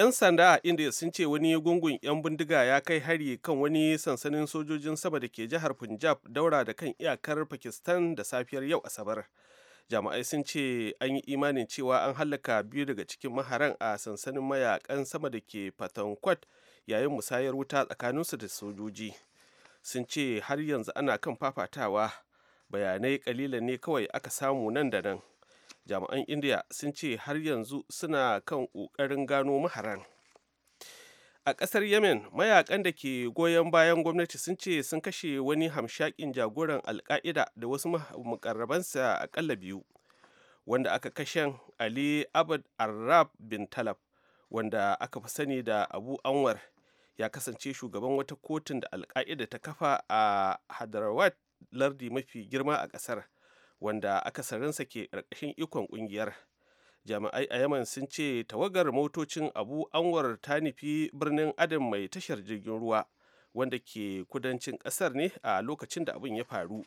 'Yan sanda a India sun ce wani gungun 'yan bindiga ya kai hari kan wani sansanin sojojin sama da ke jihar Punjab daura da kan iyakar Pakistan da safiyar yau Asabar. Jami'ai sun ce an yi imanin cewa an hallaka biyu daga cikin maharan a sansanin mayakan sama da ke Patankwat yayin musayar wuta tsakaninsu da sojoji. Sun ce har yanzu ana kan fafatawa bayanai kalila ne kawai aka samu nan da nan. jami'an india sun ce har yanzu suna kan ƙoƙarin gano maharan a ƙasar yemen mayakan da ke goyon bayan gwamnati sun ce sun kashe wani hamshakin jagoran alka'ida da wasu mukarrabansa akalla biyu wanda aka kashen ali abad arab bin talab wanda aka fi sani da abu anwar ya kasance shugaban wata kotun da alka'ida ta kafa a hadarawat lardi mafi girma a ƙasar wanda akasarinsa ke ƙarƙashin ikon ƙungiyar jami'ai a yaman sun ce tawagar motocin abu anwar ta nufi birnin adam mai tashar jirgin ruwa wanda ke kudancin ƙasar ne a lokacin da abin ya faru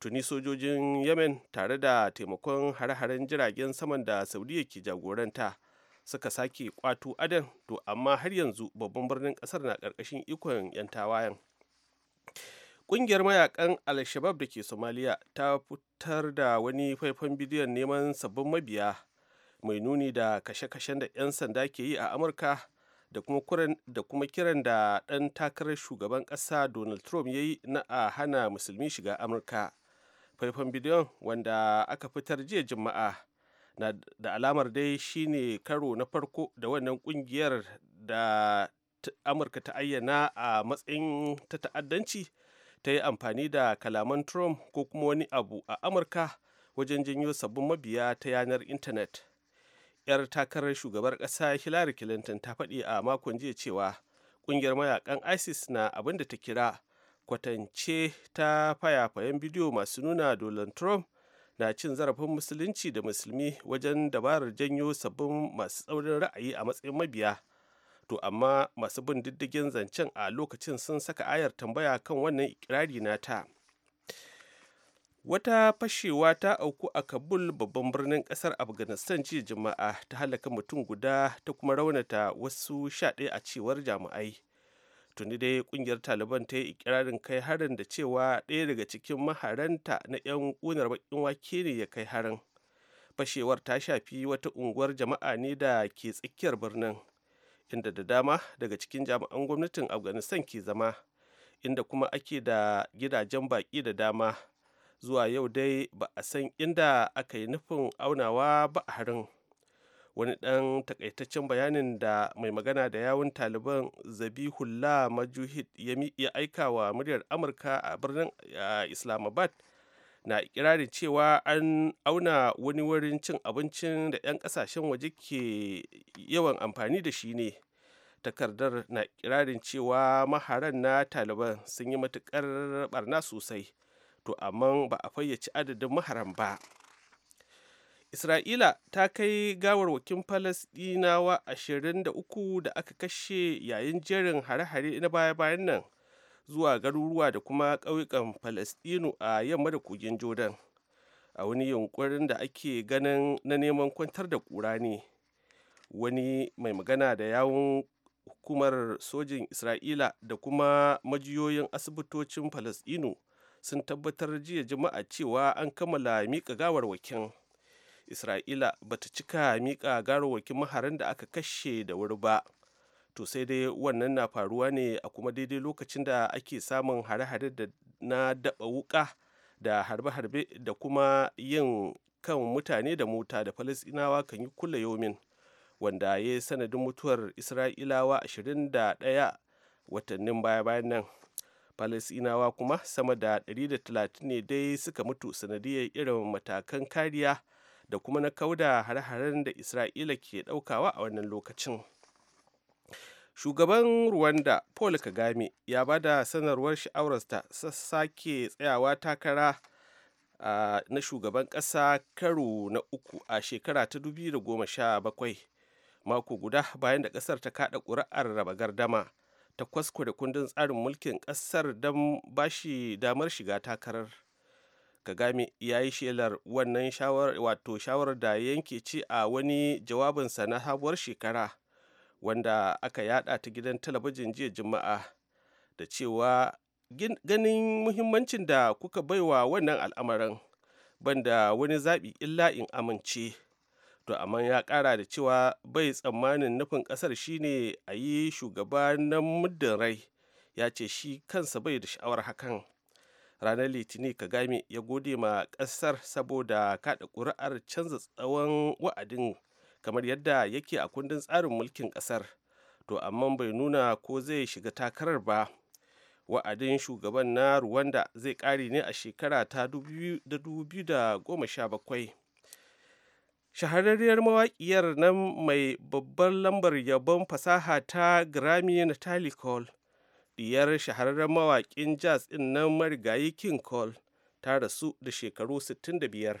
tuni sojojin yamen tare da taimakon hare-haren jiragen saman da saudiya ke jagoranta suka sake kwato adam to amma har yanzu babban birnin kasar na ƙarƙashin ikon 'yan tawayen Ƙungiyar mayakan Al-Shabab da ke somaliya ta fitar da wani faifan bidiyon neman sabbin mabiya mai nuni da kashe-kashen da 'yan sanda ke yi a Amurka da kuma kiran da ɗan takarar shugaban ƙasa Donald Trump ya yi na a hana musulmi shiga Amurka. Faifan bidiyon wanda aka fitar jiya Juma'a na da alamar dai shine karo na farko da wannan ƙungiyar da Amurka ta ayyana a matsayin ta ta'addanci ta yi amfani da kalaman trump ko kuma wani abu a amurka wajen janyo sabbin mabiya ta yanar intanet yar takarar shugabar ƙasa hillary clinton ta faɗi a makon jiya cewa ƙungiyar mayakan isis na abin da ta kira kwatance ta fayafayen bidiyo masu nuna dolan trump na cin zarafin musulunci da musulmi wajen dabarar janyo sabbin masu tsaurin ra'ayi a matsayin mabiya to amma masu bin diddigin zancen a lokacin sun saka ayar tambaya kan wannan ikirari nata wata fashewa ta auku a kabul babban birnin kasar afghanistan jiya jama'a ta halaka mutum guda ta kuma raunata wasu sha a cewar jami'ai tuni dai kungiyar taliban ta yi ikirarin kai harin da cewa ɗaya daga cikin maharanta na 'yan ƙunar baƙin wake ne ya kai harin fashewar ta shafi wata unguwar jama'a ne da ke tsakiyar birnin inda da dama daga cikin jami'an gwamnatin afghanistan ke zama inda kuma ake da gidajen baƙi da dama zuwa yau dai ba a san inda aka yi nufin aunawa ba a harin wani ɗan takaitaccen bayanin da mai magana da yawun taliban zabihullah majuhid ya aika wa muryar amurka a birnin islamabad na ikirarin cewa an auna wani wurin cin abincin da 'yan kasashen waje ke yawan amfani da shi ne takardar na ikirarin cewa maharan na taliban sun yi matukar barna sosai to amma ba a fayyace adadin maharan ba isra'ila ta kai gawarwakin falasdinawa 23 da aka kashe yayin jerin hare-hare na baya-bayan nan zuwa garuruwa da kuma ƙauyukan Falasɗinu a yamma da kogin Jordan. A wani yunkurin da ake ganin na neman kwantar da ƙura ne. Wani mai magana da yawun hukumar sojin Isra'ila da kuma majiyoyin asibitocin Falasɗinu sun tabbatar jiya juma'a cewa an kammala miƙa gawarwakin. Isra'ila bata cika miƙa gawarwakin maharin da aka kashe da wuri ba. to sai dai wannan na faruwa ne a kuma daidai lokacin da ake samun hare-hare na daɓa wuka da harbe-harbe da kuma yin kan mutane da mota da falasinawa kan yi kula yomin wanda ya yi sanadin mutuwar isra'ilawa 21 watannin baya-bayan nan falasinawa kuma sama da 130 ne dai suka mutu sanadiyar irin matakan kariya da kuma na kauda hare-haren da isra'ila ke daukawa a wannan lokacin. shugaban rwanda paul kagame ya ba da sanarwar sha'awarsa sake tsayawa takara na shugaban ƙasa karo na uku a shekara ta 2017 mako guda bayan da ƙasar ta kaɗa ƙuri'ar raba gardama ta kwaskure kundin tsarin mulkin ƙasar don ba shi damar shiga takarar kagame ya yi shelar wannan shawarar wato shawarar da yanke ci a wani jawabinsa na sabuwar shekara wanda aka yada ta gidan talabijin jiya juma'a da cewa ganin muhimmancin da kuka baiwa wannan al'amarin banda wani zaɓi illa in amince to amma ya ƙara da cewa bai tsammanin nufin ƙasar shine a yi shugaba na muddin rai ya ce shi kansa bai da sha'awar hakan ranar litinin kagame ya gode ma ƙasar saboda kaɗa ƙuri'ar canza tsawon wa'adin kamar yadda yake a kundin tsarin mulkin kasar to amma bai nuna ko zai shiga takarar ba wa'adin shugaban na rwanda zai kare ne a shekara ta 2017 shahararriyar mawaƙiyar nan mai babbar lambar yabon fasaha ta grammy natalie cole diyar shahararren mawaƙin jazz ɗin nan marigayi king cole ta rasu da shekaru 65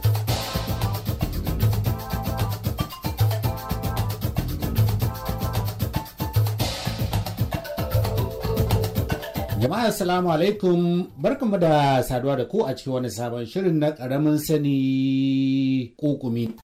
Jama'a assalamu alaikum barkamu da saduwa da ku a cikin wani sabon shirin na karamin sani kokumi.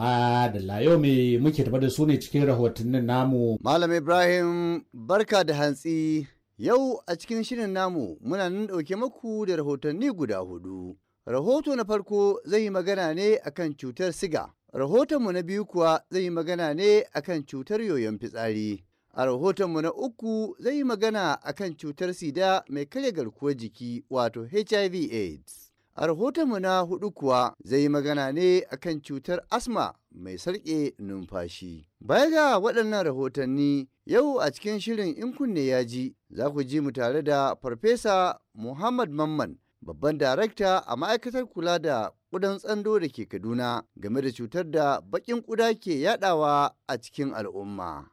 madalla yau me muke tafa da su ne cikin rahotannin namu. Malam Ibrahim barka da hantsi yau a cikin shirin namu muna nan ɗauke maku da rahotanni guda hudu. Rahoto na farko zai yi magana ne akan cutar siga. Rahotonmu na biyu kuwa zai yi magana ne akan cutar yoyon fitsari. A rahotonmu na uku zai yi magana akan cutar sida mai karya garkuwar jiki wato HIV AIDS. A rahotonmu na hudu kuwa zai yi magana ne akan cutar asma mai sarƙe numfashi. Baya ga waɗannan rahotanni yau a cikin shirin in kunne ya ji za ku ji mu tare da Farfesa Muhammad Mamman babban darakta a ma'aikatar kula da ƙudan tsando da ke Kaduna game da cutar da baƙin ƙuda ke yadawa a cikin al'umma.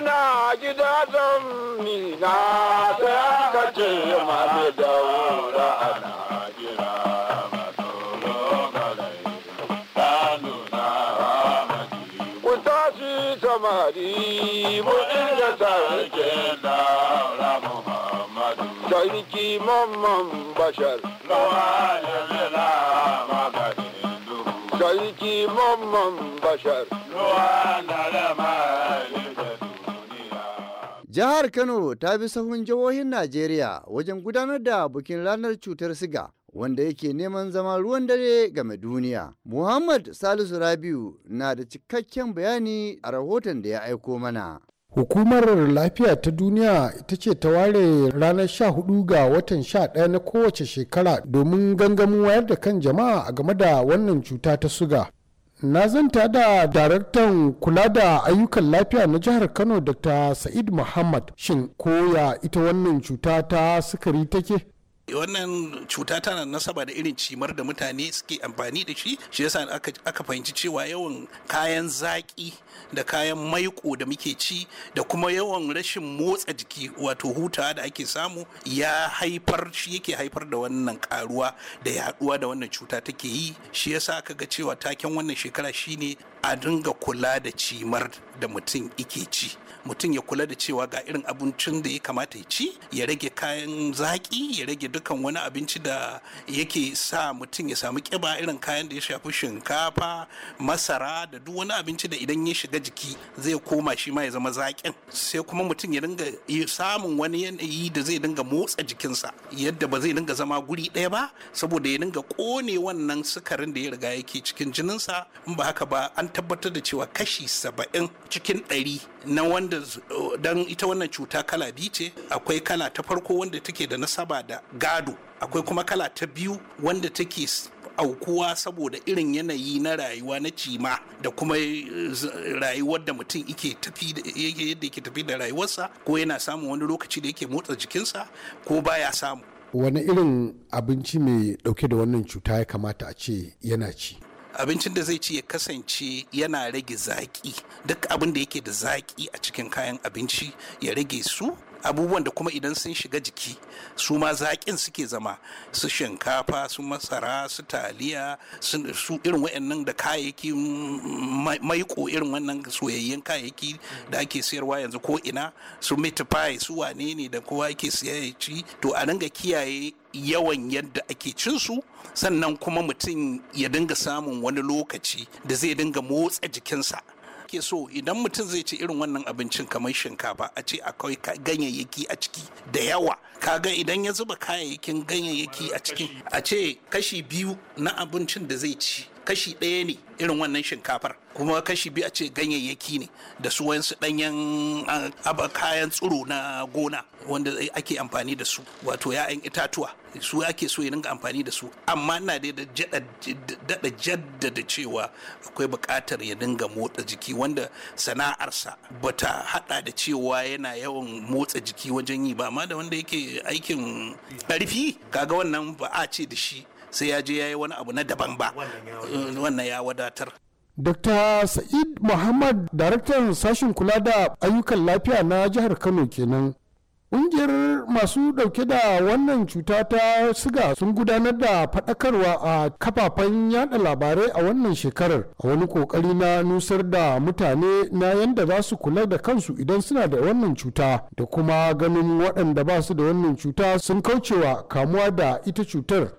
ina gida don mina sai aka ce mami daura ana gira Ku tashi samari mu inda sarki daura Muhammadu. Sarki mamman bashar. Lawa ya zila maganin duhu. Sarki mamman bashar. Lawa na Jihar Kano ta bi sahun jihohin Najeriya wajen gudanar da bukin ranar cutar siga wanda yake neman zama ruwan dare game duniya. Muhammad Salisu Rabiu na da cikakken bayani a rahoton da ya aiko mana. Hukumar lafiya ta duniya ita ce ta ware ranar 14 ga watan 11 na kowace shekara domin gangamin wayar da kan jama'a game da wannan cuta ta suga. na zanta da daraktan kula da ayyukan lafiya na jihar kano dr sa'id muhammad shin koya ita wannan cuta ta sukari take wannan cuta tana nasaba da irin cimar da mutane suke amfani da shi shi yasa aka fahimci cewa yawan kayan zaƙi da kayan maiko da muke ci da kuma yawan rashin motsa jiki wato hutawa da ake samu ya haifar shi yake haifar da wannan karuwa da yaduwa da wannan cuta take yi shi yasa aka ga cewa taken wannan shekara shine a dinga kula da cimar da mutum ike ci mutum ya kula da cewa ga irin abincin da ya kamata ya ci ya rage kayan zaki ya rage dukan wani abinci da yake sa mutum ya samu kiba irin kayan da ya shafi shinkafa masara da duk wani abinci da idan ya shiga jiki zai koma shi ma ya zama zakin sai kuma mutum ya dinga samun wani yanayi da zai dinga motsa jikinsa yadda ba zai dinga zama guri ɗaya ba saboda ya dinga kone wannan sukarin da ya riga yake cikin jininsa in ba haka ba an tabbatar da cewa kashi saba'in cikin ɗari na wanda wanda dan ita wannan cuta kala biyu ce akwai kala ta farko wanda take da nasaba da gado akwai kuma kala ta biyu wanda take aukuwa saboda irin yanayi na rayuwa na cima da kuma eh, rayuwar da mutum yake yadda yake tafi da rayuwarsa ko yana samun wani lokaci da yake motsa jikinsa ko baya samu wani irin abinci mai dauke da wannan cuta ya kamata a ce yana ci abincin da zai ci ya kasance yana rage zaƙi duk abin da yake da zaƙi a cikin kayan abinci ya rage su abubuwan da kuma idan sun shiga jiki su ma zaƙin suke zama su shinkafa su masara su taliya su irin waɗannan da kayayyaki maiko irin wannan soyayyen kayayyaki da ake sayarwa yanzu ko ina su mitifai su wane ne da kowa ake sayayyaci to a dinga kiyaye yawan yadda ake cin su sannan kuma mutum ya dinga samun wani lokaci da zai dinga motsa jikinsa ake so idan mutum zai ci irin wannan abincin kamar shinkafa a ce akwai ganyayyaki a ciki da yawa kaga idan ya zuba kayayyakin ganyayyaki a cikin a ce kashi biyu na abincin da zai ci kashi ɗaya ne irin wannan shinkafar kuma kashi biyu a ce ganyayyaki ne da su wayansu ɗanyen ah, kayan tsiro na gona wanda ake amfani da su wato ya'yan itatuwa su ake so ya dinga amfani da su amma ina da daɗa jaddada cewa akwai buƙatar ya dinga motsa jiki wanda sana'arsa bata haɗa da cewa yana yawan motsa jiki wajen yi ba amma da wanda yake aikin ƙarfi kaga wannan ba a ce da shi sai ya je ya yi wani abu na daban ba wannan ya eh, wadatar Dr. Sa'id Muhammad, daraktan sashen kula da ayyukan lafiya na jihar Kano kenan. Ƙungiyar masu ɗauke da wannan cuta ta siga sun gudanar da faɗakarwa a kafafen yada labarai a wannan shekarar a wani ƙoƙari na nusar da mutane na yadda za su kula da kansu idan suna da wannan cuta da kuma ganin waɗanda ba su da wannan cuta sun kaucewa kamuwa da ita cutar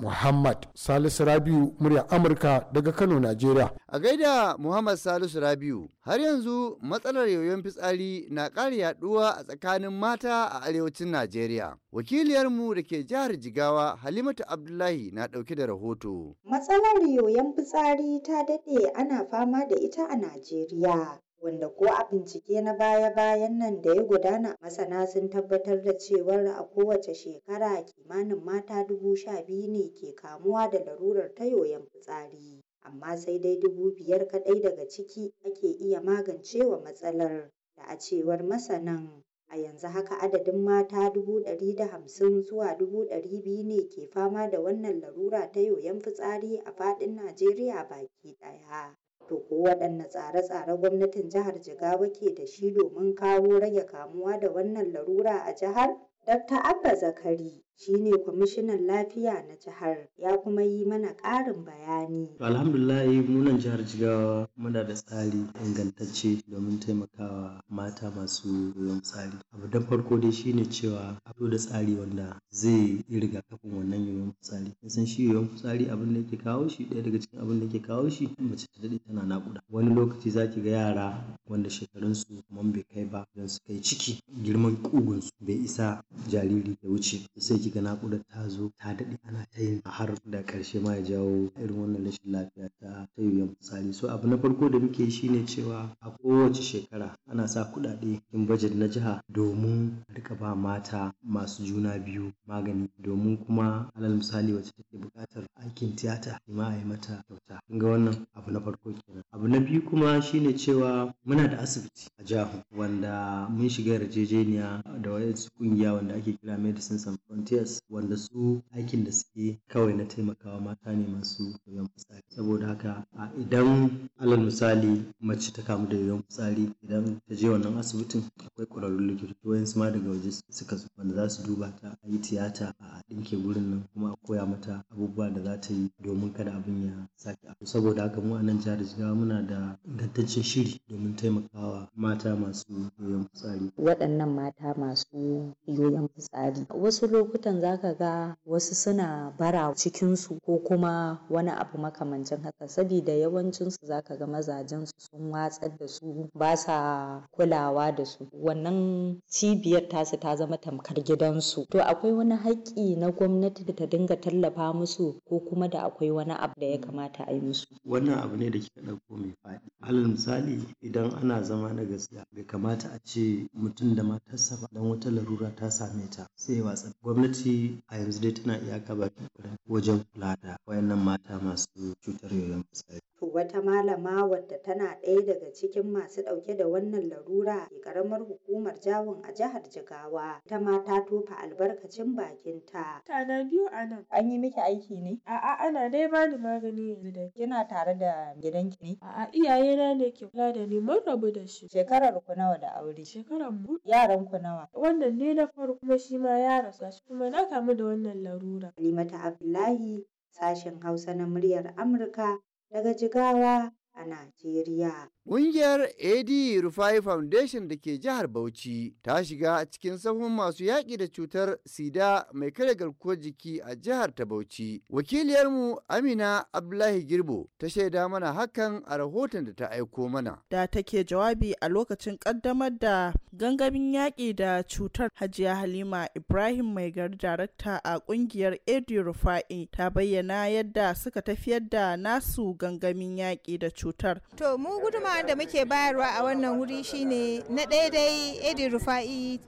Muhammad Salisu Rabiu murya Amurka daga Kano, Najeriya. A gaida Muhammad Salisu Rabiu, har yanzu matsalar yoyon fitsari na ƙara yaɗuwa a tsakanin mata a arewacin Najeriya. Wakiliyarmu da ke jihar Jigawa Halimatu Abdullahi na ɗauke da rahoto. Matsalar yoyon fitsari ta daɗe ana fama da ita a Najeriya. wanda ko a bincike na baya-bayan nan da ya gudana masana sun tabbatar da cewar a kowace shekara kimanin mata dubu sha biyu ne ke kamuwa da larurar ta yoyon fitsari, amma sai dai dubu biyar kaɗai daga ciki ake iya magancewa matsalar, da a cewar masanan, a yanzu haka adadin mata dubu ɗari da hamsin zuwa dubu ɗari biyu ne ke fama da wannan larura ta yoyon fitsari a faɗin Najeriya baki ɗaya. To ko waɗanne tsare-tsare gwamnatin jihar Jigawa ke da shi domin kawo rage kamuwa da wannan larura a jihar? Dr. Abba Zakari shi ne kwamishinan lafiya na jihar ya kuma yi mana ƙarin bayani. Alhamdulillah, munan jihar jigawa muna da tsari ingantacce domin taimakawa mata masu yoyon tsari. abu da farko dai shine cewa abu da tsari wanda zai yi rigakafin wannan yoyon fitsari san shi yoyon fitsari abin da yake kawo shi ɗaya daga cikin abin da yake kawo shi mace ta daɗe tana naƙuda wani lokaci za ki ga yara wanda shekarunsu kamar bai kai ba don su kai ciki girman ƙugunsu bai isa jariri ya wuce sai ki ga naƙudar ta zo ta daɗe ana ta yin har da ƙarshe ma ya jawo irin wannan rashin lafiya ta ta yoyon fitsari so abu na farko da muke yi shine cewa a kowace shekara ana sa kuɗaɗe cikin bajet na jiha domin a rika ba mata masu juna biyu magani domin kuma alal misali wacce take buƙatar aikin tiyata ma a yi mata kyauta kun ga wannan abu na farko kenan abu na biyu kuma shine cewa muna da asibiti a jihar wanda mun shiga yarjejeniya da wasu ƙungiya wanda ake kira medicine and frontier NGOs wanda su aikin da suke kawai na taimakawa mata ne masu yoyon fitsari. Saboda haka a idan alal misali mace ta kamu da yoyon fitsari idan ta je wannan asibitin akwai likita likitoci wayansu ma daga waje suka zo wanda za su duba ta a yi tiyata a ɗinke gurin nan kuma a koya mata abubuwa da za ta yi domin kada abin ya sake a. Saboda haka mu a nan jihar Jigawa muna da ingantaccen shiri domin taimakawa mata masu yoyon fitsari. Waɗannan mata masu yoyon fitsari wasu lokuta. lokutan za ka ga wasu suna bara cikinsu ko kuma wani abu makamancin haka sabida yawancinsu za ka ga mazajensu sun watsar da su ba sa kulawa da su wannan cibiyar tasu ta zama tamkar gidansu to akwai wani haƙƙi na gwamnati da ta dinga tallafa musu ko kuma da akwai wani abu da ya kamata a yi musu wannan abu ne da kika ɗauko mai faɗi alal misali idan ana zama na gaskiya bai kamata a ce mutum da matarsa ba don wata larura ta same ta sai ya watsa gwamnati a yanzu dai tana iya bakin wajen kula da waɗannan mata masu cutar yoyon fitsari. To wata malama wadda tana ɗaya daga cikin masu ɗauke da wannan larura ke ƙaramar hukumar jawon a jihar Jigawa ita ma ta tofa albarkacin bakinta. Tana biyu a nan. An yi miki aiki ne? A'a ana dai bani magani yanzu da kina tare da gidanki ne? A'a iyayena ne ke kula da ni mun rabu da shi. Shekarar ku nawa da aure? Shekarar mu. Yaran ku nawa? Wannan ne na farko kuma shi ma ya rasu shi kuma na kamu da wannan larura. Halimatu Abdullahi sashen Hausa na muryar Amurka 那个就干啦 a Najeriya. Ƙungiyar AD Rufai Foundation da ke jihar Bauchi ta shiga cikin sahun masu yaƙi da cutar sida mai kare garkuwar jiki a jihar ta Bauchi. Wakiliyarmu Amina Abdullahi Girbo ta shaida mana hakan a rahoton da ta aiko mana. Da take jawabi a lokacin ƙaddamar da gangamin yaƙi da cutar Hajiya Halima Ibrahim mai gari darakta a ƙungiyar AD Rufai ta bayyana yadda suka tafiyar da nasu gangamin yaƙi da cutar. cutar. To mu gudunmawar da muke bayarwa a wannan wuri shine na ɗaya dai Edi Rufa'i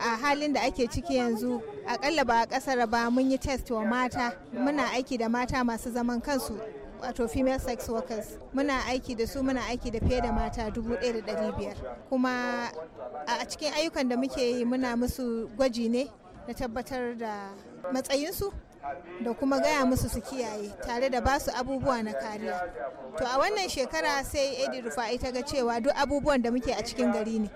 a halin da ake ciki yanzu akalla ba a ƙasar ba mun yi test wa mata muna aiki da mata masu zaman kansu wato female sex workers muna aiki da su muna aiki da fiye da mata 1,500 kuma a cikin ayyukan da muke yi muna musu gwaji ne na tabbatar da matsayinsu da kuma gaya musu su kiyaye tare da basu abubuwa na kariya to a wannan shekara sai edi rufa'i ta ga cewa duk abubuwan da muke a cikin gari ne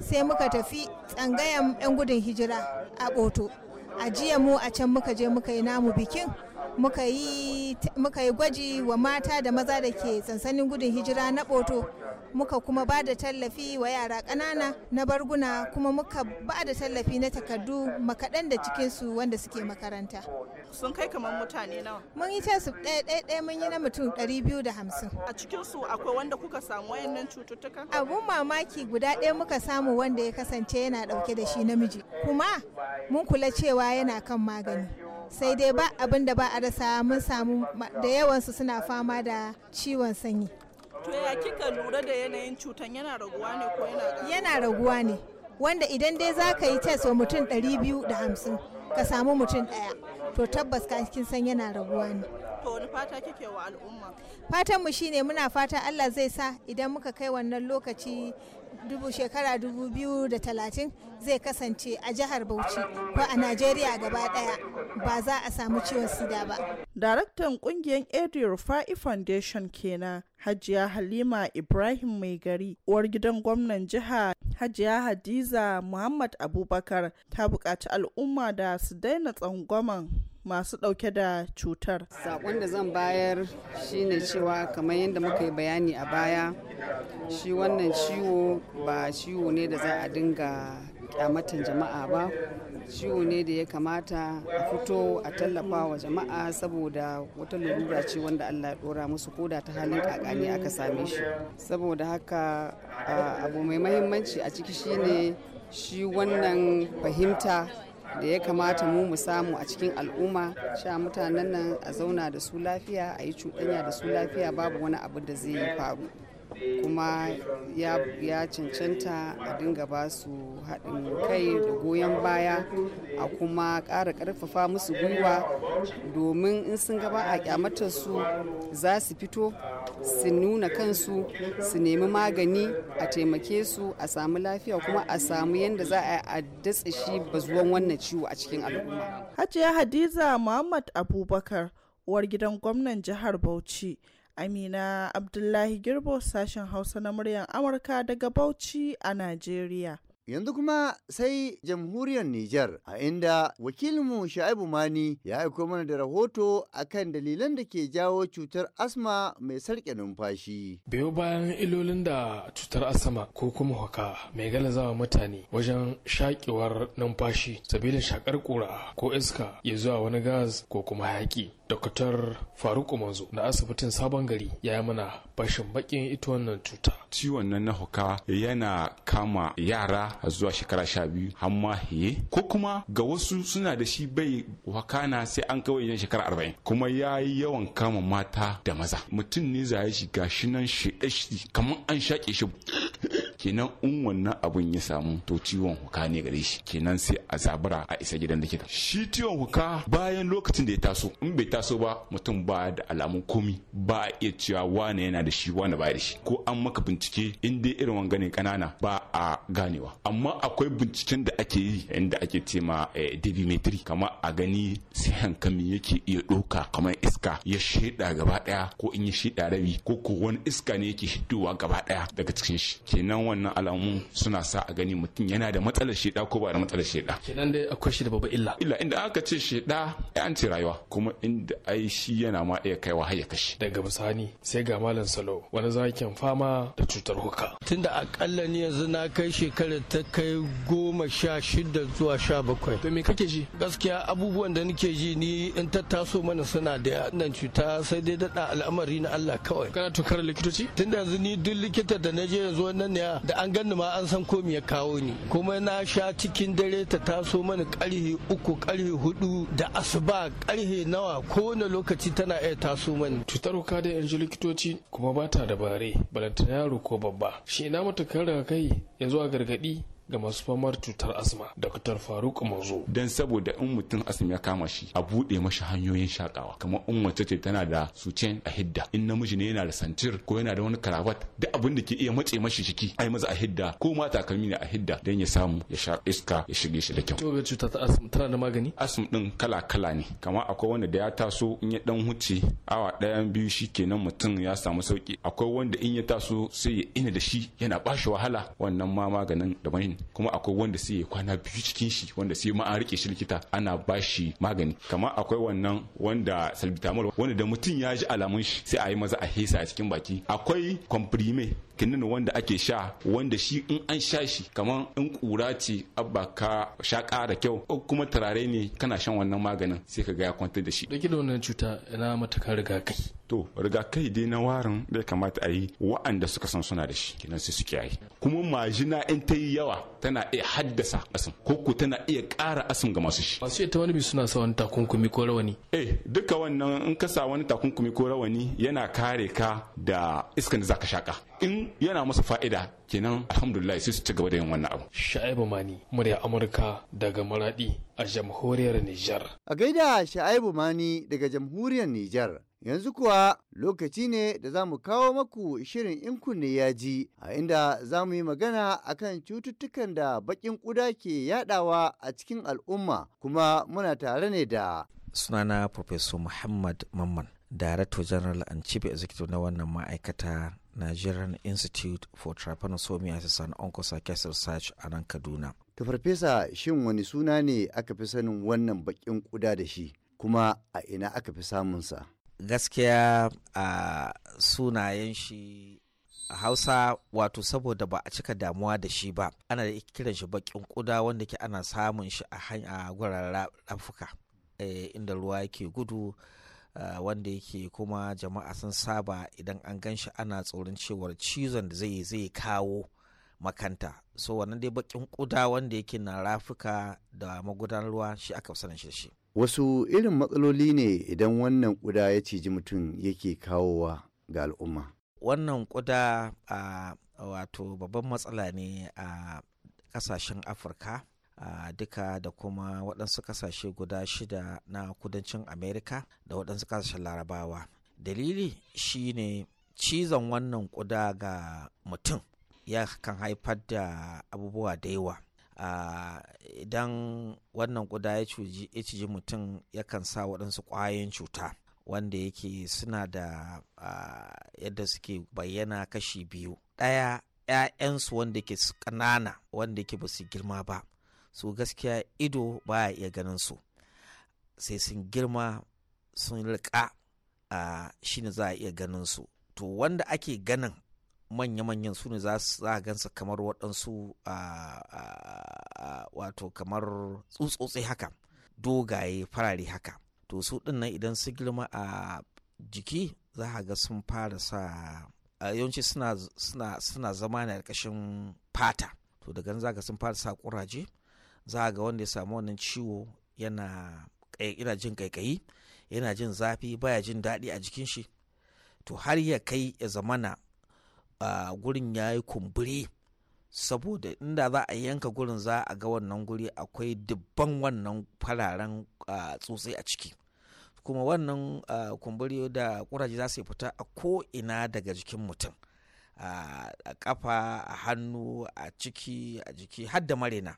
sai muka tafi tsangayan 'yan gudun hijira a boto a jiya mu a can muka je muka yi namu bikin muka yi gwaji wa mata da maza da ke sansanin gudun hijira na boto muka kuma ba da tallafi wa yara ƙanana na barguna kuma muka ba da tallafi na takardu makaɗan da cikinsu wanda suke makaranta sun kai kamar mutane nawa mun yi tasu ɗaya ɗaya ɗaya mun yi na mutum ɗari biyu da hamsin a cikinsu akwai wanda kuka samu wayannan cututtuka abun mamaki guda ɗaya muka samu wanda ya kasance yana ɗauke da shi namiji kuma mun kula cewa yana kan magani sai dai ba abin da ba a rasa mun samu da yawansu suna fama da ciwon sanyi to ya kika lura da yanayin cutan yana raguwa ne ko yana yana raguwa ne wanda idan dai za ka yi test wa mutum 250 ka samu mutum ɗaya to tabbas ka kin san yana raguwa ne to wani fata kike wa al'umma fatan mu shine muna fata Allah zai sa idan muka kai wannan lokaci dubu shekara dubu biyu da talatin zai kasance a jihar Bauchi ko a Najeriya gaba daya ba za a samu ciwon sida ba. Daraktan kungiyar Edi fa'i Foundation kenan Hajiya Halima Ibrahim Mai Gari, uwar gidan gwamnan jiha Hajiya Hadiza Muhammad Abubakar ta bukaci al'umma da su daina tsangwaman masu ɗauke da cutar. Sakon da zan bayar shine cewa kamar yadda muka yi bayani a baya shi wannan ciwo ba ciwo ne da za a dinga kyamatan jama'a ba ciwo ne da ya kamata a fito a tallafa wa jama'a saboda wata lalura ce wanda allah ya dora musu ko da ta halin kakani aka same shi saboda haka abu mai mahimmanci a ciki shine shi wannan fahimta da ya kamata mu mu samu a cikin al'umma sha mutanen nan a zauna da su lafiya a yi cuɗanya da su lafiya babu wani abu da zai faru kuma ya cancanta a dinga ba su haɗin kai da goyon baya a kuma ƙara ƙarfafa musu gwiwa domin in sun gaba a kyamatar su za su fito su nuna kansu su nemi magani a taimake su a samu lafiya kuma a samu yadda za a datse shi bazuwan wannan ciwo a cikin al'umma. Hajiya Hadiza Muhammad Abubakar, uwar gidan gwamnan jihar Bauchi. Amina Abdullahi Girbo sashen Hausa na muryar Amurka daga Bauchi a Najeriya. Yanzu kuma sai jamhuriyar Nijar a inda wakilinmu Sha'ibu Mani ya aiko mana da rahoto a kan dalilan da ke jawo cutar asma mai sarƙe numfashi. Biyo bayan ilolin da cutar asma ko kuma haka mai galazawa mutane wajen shaƙewar numfashi sabilin shakar ƙura ko iska ya zuwa wani gas ko kuma yaƙi. Dr. Faruk Manzo na asibitin Sabon Gari ya yi mana bashin bakin ita wannan cuta. Ciwon nan na huka yana kama yara zuwa shekara sha biyu ma heye ko kuma ga wasu suna da shi bai wakana sai an kawai yin shekara arba'in kuma ya yi yawan kama mata da maza. Mutum ne za ya shiga shi nan shi eh, kamar an shaƙe shi kenan in wannan abun ya samu to ciwon huka ne gare shi kenan sai a zabura a isa gidan likita shi ciwon huka bayan lokacin da ya taso in bai taso ba mutum ba da alamun komi ba a iya cewa wane yana da shi wane ba da shi ko an maka bincike in dai irin wanga kanana ba a ganewa amma akwai binciken da ake yi inda ake ce ma eh, debimetry Kama a gani sai hankali yake iya ɗauka kamar iska ya sheda gaba daya ko in ya sheda rabi ko ko wani iska ne yake shidowa gaba daya daga cikin shi kenan wannan alamu suna sa a gani mutum yana da matsalar sheda ko ba da matsalar sheda kenan dai akwai shi da babu illa illa inda aka ce sheda ai an ce rayuwa kuma inda ai shi yana ma iya kaiwa har ya kashe daga bisani sai ga malam salo wani zakin fama da cutar huka tunda akalla ne yanzu na kai shekarar ta kai goma sha shida zuwa sha bakwai to me kake ji gaskiya abubuwan da nake ji ni in ta taso mana suna da nan cuta sai dai daɗa al'amari na Allah kawai kana tukar likitoci tunda yanzu ni duk likita da na je yanzu wannan ne da an ganni ma an san ko ya kawo ni kuma na sha cikin dare ta taso mani karhe uku karhe hudu da asuba karhe nawa kowane lokaci tana iya taso mani cutar ka da yanzu likitoci kuma ba ta da bare balantana yaro ko babba shi ina mata kai yanzu a gargadi ga masu famar cutar asma dr faruk mazo dan saboda in mutum asma ya kama shi a bude mashi hanyoyin shakawa kamar in wace ce tana da sucen a hidda in namiji ne yana da santir ko yana da wani karabat da abin da ke iya matse mashi ciki ai maza a hidda ko ma takalmi ne a hidda dan ya samu ya sha iska ya shige shi da kyau to ga cutar ta asma tana da magani asma din kala kala ne kamar akwai wanda da ya taso in ya dan huce awa ɗaya biyu shikenan mutum ya samu sauki akwai wanda in ya taso sai ya ina da shi yana bashi wahala wannan ma maganin daban kuma akwai wanda sai kwana biyu cikin shi wanda sai ma an rike shi likita ana bashi magani kamar akwai wannan wanda salbutamol wanda da mutum ya ji alamun shi sai a yi maza a hesa a cikin baki akwai comprimé kinnin wanda ake sha wanda shi in an sha shi kamar in kura ce abba ka shaƙa da kyau ko kuma turare ne kana shan wannan maganin sai ka ga ya kwantar da shi dauki da wannan cuta ina matakan rigakai. to rigakai dai na warin da kamata a yi wa'anda suka san suna da shi kinan sai suke yi kuma majina in ta yi yawa tana iya haddasa asin ko ku tana iya ƙara asin ga masu shi masu ita wani bi suna sa wani takunkumi ko rawani eh duka wannan in ka sa wani takunkumi ko rawani yana kare ka da iskan da zaka shaka in yana musu fa'ida kenan alhamdulillah sai su ci gaba da yin wannan abu sha'ibu mani murya amurka daga maradi a jamhuriyar nijar a gaida sha'ibu mani daga jamhuriyar nijar yanzu kuwa lokaci ne da za mu kawo maku shirin in kunne ya a inda za mu yi magana akan cututtukan da bakin kuda ke yadawa a cikin al'umma kuma muna tare ne da sunana professor muhammad mamman director general and chief executive na wannan ma'aikata Nigerian Institute for Trypanosomiasis and Onchocerciasis Research a nan Kaduna. To farfesa shin wani suna ne aka fi sanin wannan bakin kuda da shi kuma a ina aka fi samunsa? Gaskiya a sunayen shi Hausa wato saboda ba a cika damuwa da shi ba ana da kiran shi bakin kuda wanda ke ana samun shi a hanya guraren rafuka eh, inda ruwa yake gudu Eh, wanda yake kuma jama'a sun saba idan an gan shi ana tsoron cewar cizon da zai zai kawo makanta so wannan dai bakin kuda wanda yake na rafuka da magudanar ruwa shi aka fi sanin shi wasu irin matsaloli ne idan wannan kuda ya ciji mutum yake kawowa ga al'umma wannan kuda a ah, wato babban matsala ne a kasashen afirka Uh, duka da kuma waɗansu ƙasashe guda shida na kudancin amerika da waɗansu ƙasashen larabawa dalili shine cizon wannan ƙuda ga mutum ya kan haifar da abubuwa da yawa uh, idan wannan ƙuda ya ciji mutum yakan sa waɗansu ƙwayoyin cuta wanda yake suna da uh, yadda suke bayyana kashi biyu ɗaya ‘ya'yansu wanda ke ƙanana wanda ke ba su girma ba su gaskiya ido ba baya iya ganin su sai sun girma sun rika a shine za a iya ganin su to wanda ake ganin manya-manyan su ne za a gansa kamar waɗansu wato kamar tsutsotsi haka dogaye farare haka to su ɗin nan idan su girma a jiki za a ga sun fara sa yawanci suna zama ne a ƙarƙashin fata to daga nan za ga sun fara sa ƙuraje za ga wanda ya samu wannan ciwo yana jin kaikayi yana jin zafi baya jin daɗi a jikin shi to har ya kai ya zamana a gurin ya yi kumburi saboda inda za a yanka gurin za a ga wannan guri akwai dubban wannan fararen tsotsai a ciki kuma wannan kumburi da kuraje za su fita a ko'ina daga jikin mutum a kafa a hannu a ciki a jiki har da marina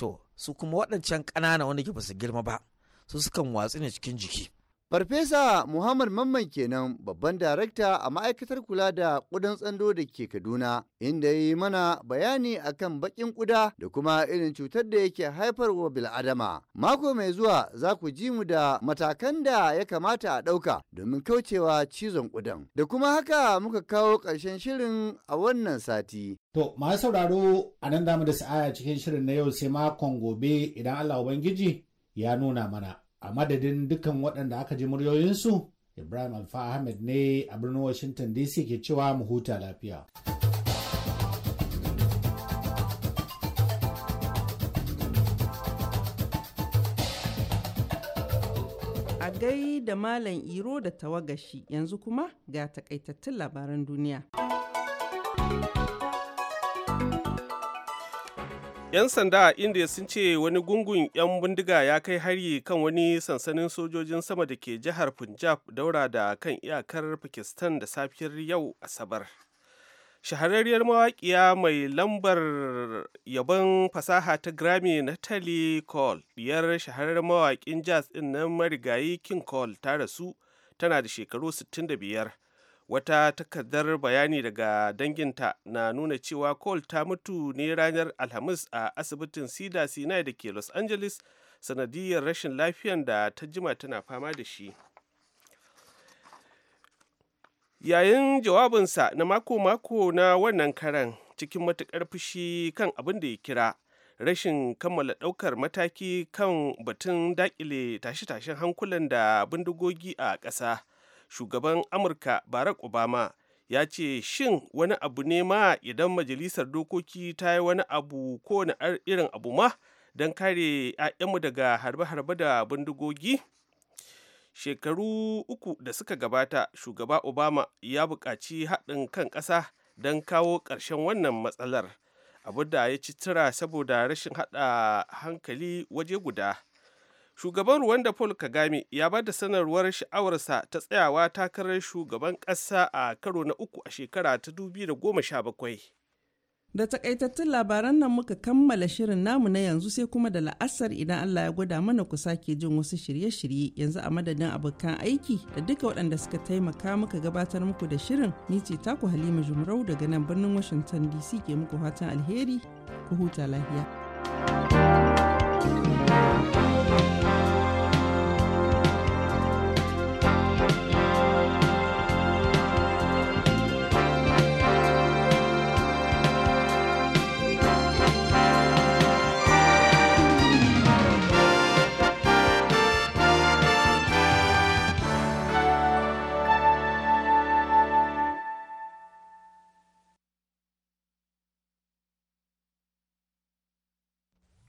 to su kuma waɗancan ƙanana wanda ke su girma ba su sukan watsi ne cikin jiki Farfesa Muhammad Mamman kenan babban darakta a ma'aikatar kula da ƙudan tsando da ke Kaduna inda ya yi mana bayani akan bakin kuda da kuma irin cutar da yake haifar haifarwa bil'adama. Mako mai zuwa za ku ji mu da matakan da ya kamata a ɗauka domin kaucewa cizon ƙudan. Da kuma haka muka kawo ƙarshen shirin a wannan sati. To, masu sauraro a nan damu da sa'aya cikin shirin na yau sai makon gobe idan Allah Ubangiji ya nuna mana. a madadin dukkan waɗanda aka ji muryoyinsu ibrahim alfa ahmed ne a birnin washington dc ke cewa mu huta lafiya a gai da malam iro da tawagashi yanzu kuma ga takaitattun labaran duniya. 'Yan sanda a India sun ce wani gungun 'yan bindiga ya kai hari kan wani sansanin sojojin sama da ke jihar Punjab daura da kan iyakar Pakistan da safiyar yau Asabar. Shahararriyar mawaƙiya mai lambar yabon fasaha ta Grammy Natalie Cole, diyar shahararren mawaƙin jazz ɗin nan marigayi King Cole ta rasu tana da shekaru 65. wata takardar bayani daga danginta na nuna cewa cole ta mutu ne ranar alhamis a asibitin sida sinai da ke los angeles sanadiyar rashin lafiyan da ta jima tana fama da shi yayin jawabinsa na mako-mako na wannan karan cikin matukar fushi kan abin da ya kira rashin kammala ɗaukar mataki kan batun daƙile tashe-tashen hankulan da bindigogi a ƙasa shugaban amurka barack obama ya ce shin wani abu ne ma idan majalisar dokoki ta yi wani abu ko wani irin abu ma don kare 'ya'yanmu daga harbe-harbe da bindigogi shekaru uku da suka gabata shugaba obama ya buƙaci haɗin kan ƙasa don kawo ƙarshen wannan matsalar abu da ya ci tura saboda rashin haɗa hankali waje guda Shugaban ruwanda Paul Kagame ya ba da sanarwar sha'awarsa ta tsayawa takarar shugaban ƙasa a karo na uku a shekara ta 2017. Da takaitattun labaran nan muka kammala shirin namu na yanzu sai kuma da la'asar idan Allah ya gwada mana ku sake jin wasu shirye-shirye yanzu a madadin abokan aiki da duka waɗanda suka taimaka muka gabatar muku da shirin ni ce taku Halima Jumrau daga nan birnin Washington DC ke muku fatan alheri ku huta lafiya.